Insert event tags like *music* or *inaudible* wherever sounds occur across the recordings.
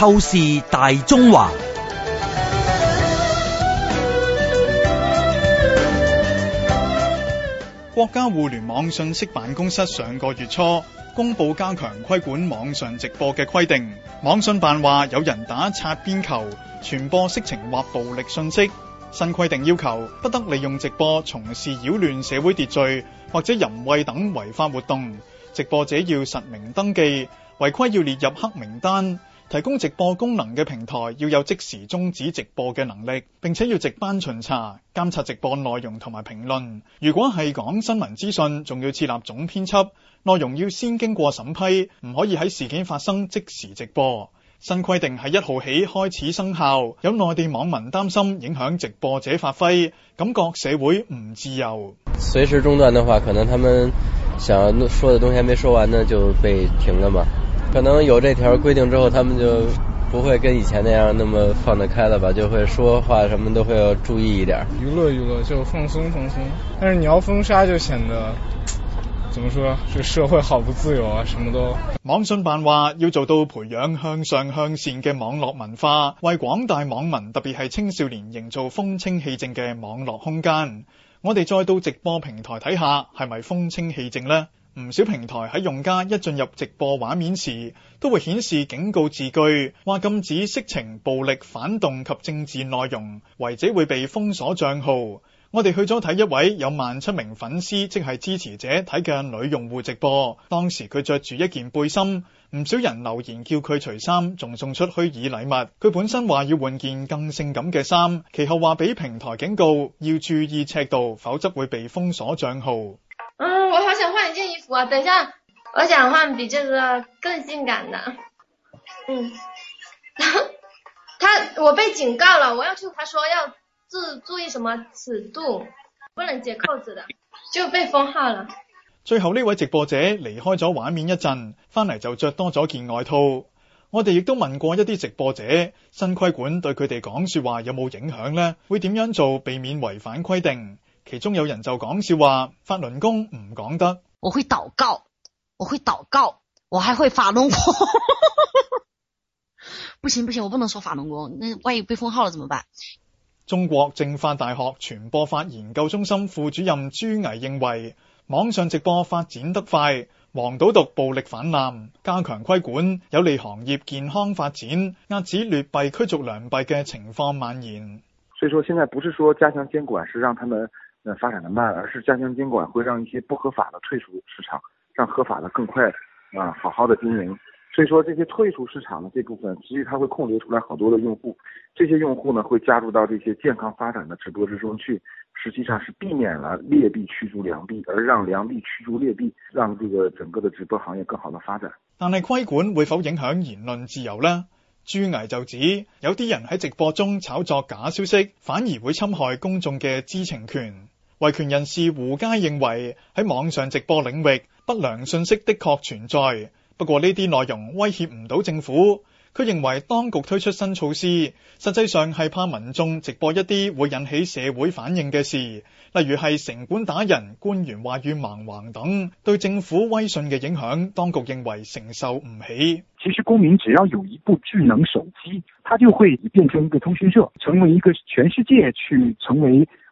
透視大中華，國家互聯網信息辦公室上個月初公布加強規管網上直播嘅規定。網信辦話，有人打擦邊球，傳播色情或暴力信息。新規定要求不得利用直播從事擾亂社會秩序或者淫穢等違法活動。直播者要實名登記，違規要列入黑名單。提供直播功能嘅平台要有即時終止直播嘅能力，並且要值班巡查、監察直播內容同埋評論。如果係講新聞資訊，仲要設立總編輯，內容要先經過審批，唔可以喺事件發生即時直播。新規定喺一號起開始生效，有內地網民擔心影響直播者發揮，感覺社會唔自由。隨時中斷嘅話，可能他們想說嘅東西還沒說完呢，就被停咗嘛。可能有這條規定之後，他們就不會跟以前那樣那麼放得開了吧，就會說話什麼都會要注意一點。娛樂娛樂，就放鬆放鬆。但是你要封殺，就顯得怎麼說，這社會好不自由啊，什麼都。網信辦話要做到培養向上向善嘅網絡文化，為廣大網民，特別係青少年營造風清氣正嘅網絡空間。我哋再到直播平台睇下，係咪風清氣正呢？唔少平台喺用家一進入直播畫面時，都會顯示警告字句，話禁止色情、暴力、反動及政治內容，違者會被封鎖賬號。我哋去咗睇一位有萬七名粉絲即係支持者睇嘅女用戶直播，當時佢着住一件背心，唔少人留言叫佢除衫，仲送出虛擬禮物。佢本身話要換件更性感嘅衫，其後話俾平台警告，要注意尺度，否則會被封鎖賬號。我想換一件衣服啊！等一下，我想換比這個更性感的。嗯，他我被警告了，我要求。他說要注注意什麼尺度，不能解扣子的，就被封號了。最後呢位直播者離開咗畫面一陣，返嚟就着多咗件外套。我哋亦都問過一啲直播者，新規管對佢哋講說話有冇影響呢？會點樣做避免違反規定？其中有人就講笑話，法輪功唔講得。我會禱告，我會禱告，我還會法輪功。 *laughs* 不行不行，我不能說法輪功，那萬一被封號了怎麼辦？中國政法大學傳播法研究中心副主任朱巍認為，網上直播發展得快，黃賭毒、暴力泛濫，加強規管有利行業健康發展，遏止劣幣驅逐良幣嘅情況蔓延。所以說，現在不是說加強監管，是讓他們。那發展的慢，而是加強監管會讓一些不合法的退出市場，讓合法的更快啊，好好的經營。所以說這些退出市場的這部分，其實它會控制出來好多的用戶，這些用戶呢會加入到這些健康發展的直播之中去，實際上是避免了劣幣驅逐良幣，而讓良幣驅逐劣幣，讓這個整個的直播行業更好的發展。但係規管會否影響言論自由呢？朱毅就指有啲人喺直播中炒作假消息，反而會侵害公眾嘅知情權。維權人士胡佳認為喺網上直播領域不良信息的確存在，不過呢啲內容威脅唔到政府。佢認為當局推出新措施，實際上係怕民眾直播一啲會引起社會反應嘅事，例如係城管打人、官員話語蠻橫等，對政府威信嘅影響，當局認為承受唔起。其實公民只要有一部智能手機，它就會變成一個通訊社，成為一個全世界去成為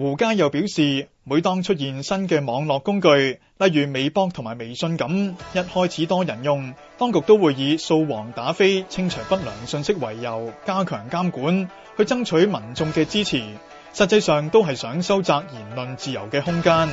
胡佳又表示，每當出現新嘅網絡工具，例如微博同埋微信咁，一開始多人用，當局都會以掃黃打非、清除不良信息為由加強監管，去爭取民眾嘅支持。實際上都係想收窄言論自由嘅空間。